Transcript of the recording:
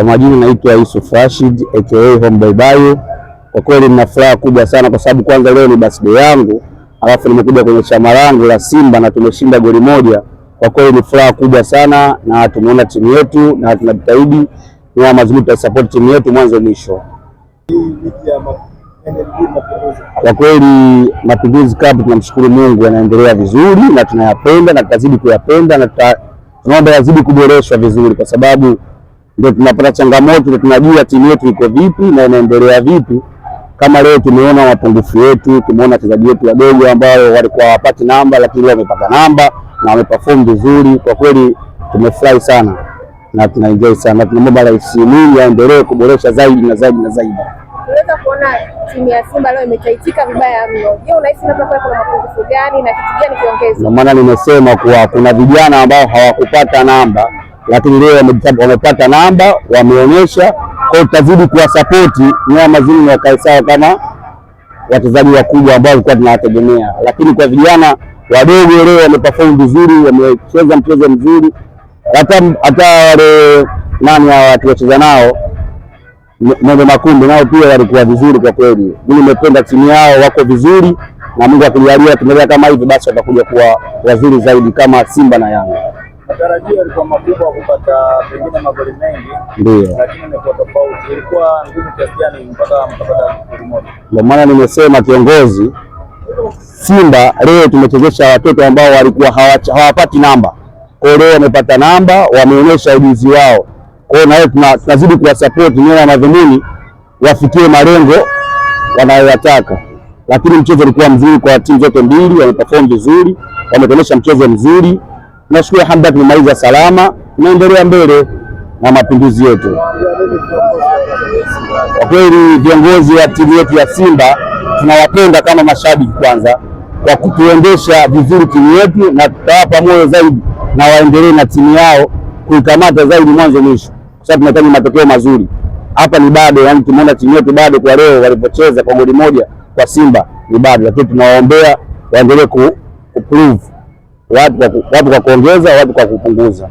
Kwa majina naitwa Yusuf Rashid aka Homeboy Bayo. Kwa kweli nina furaha kubwa sana kwa sababu kwanza leo ni birthday yangu, alafu nimekuja kwenye chama langu la Simba na tumeshinda goli moja. Kwa kweli ni furaha kubwa sana na tumeona timu yetu na tunajitahidi kwa mazuri, tutasupport timu yetu mwanzo mwisho. Kwa kweli Mapinduzi Cup tunamshukuru Mungu, yanaendelea vizuri na tunayapenda na tutazidi kuyapenda na tunaomba yazidi kuboreshwa vizuri kwa sababu ndio tunapata changamoto, tunajua timu yetu iko vipi na inaendelea vipi. Kama leo tumeona mapungufu yetu, tumeona wachezaji wetu wadogo ambao walikuwa hawapati namba, lakini leo wamepata namba na wameperform vizuri. Kwa kweli tumefurahi sana na tunaenjoy sana. Tunamwomba Rais Mwinyi aendelee kuboresha zaidi na zaidi na zaidi. Unaweza kuona timu ya Simba leo imetaitika vibaya mno. Je, unahisi labda kuna mapungufu gani na kitu gani kiongezwe? Ndio maana nimesema kuwa kuna vijana ambao hawakupata namba lakini leo wamepata namba, wameonyesha kwao, tutazidi kuwasapoti nyama zini wakae sawa kama wachezaji wakubwa ambao walikuwa tunawategemea, lakini kwa vijana wadogo leo wameperform vizuri, wamecheza mchezo mzuri. Hata wale nani hawa watu wacheza nao Mwembe Makumbi nao pia walikuwa vizuri kwa kweli. Mimi nimependa timu yao, wako vizuri na Mungu akijalia tumelea kama hivi, basi watakuja kuwa wazuri zaidi kama Simba na Yanga matarajio yalikuwa makubwa kupata pengine magoli mengi, ndio, lakini imekuwa tofauti. Ilikuwa ngumu kiasi gani mpaka mkapata goli moja? Ndio maana nimesema kiongozi, Simba leo tumechezesha watoto ambao walikuwa hawapati namba, kwa leo wamepata namba, wameonyesha ujuzi wao. Kwa hiyo nawe tunazidi kuwasapoti nia na madhumuni wafikie malengo wanayoyataka, lakini mchezo ulikuwa mzuri kwa timu zote mbili, wameperform vizuri, wametonesha mchezo mzuri. Tunashukuru alhamdulillah, tumemaliza salama, tunaendelea mbele na mapinduzi yetu. Kwa kweli viongozi wa timu yetu ya Simba tunawapenda kama mashabiki kwanza, kwa kutuendesha vizuri timu yetu, na tutawapa moyo zaidi na waendelee na timu yao kuikamata zaidi mwanzo mwisho, kwa sababu tunahitaji matokeo mazuri. Hapa ni bado, yani tumeona timu yetu bado kwa leo walipocheza kwa goli moja kwa Simba ni bado, lakini tunawaombea waendelee ku prove watu kwa kuongeza, watu kwa kupunguza.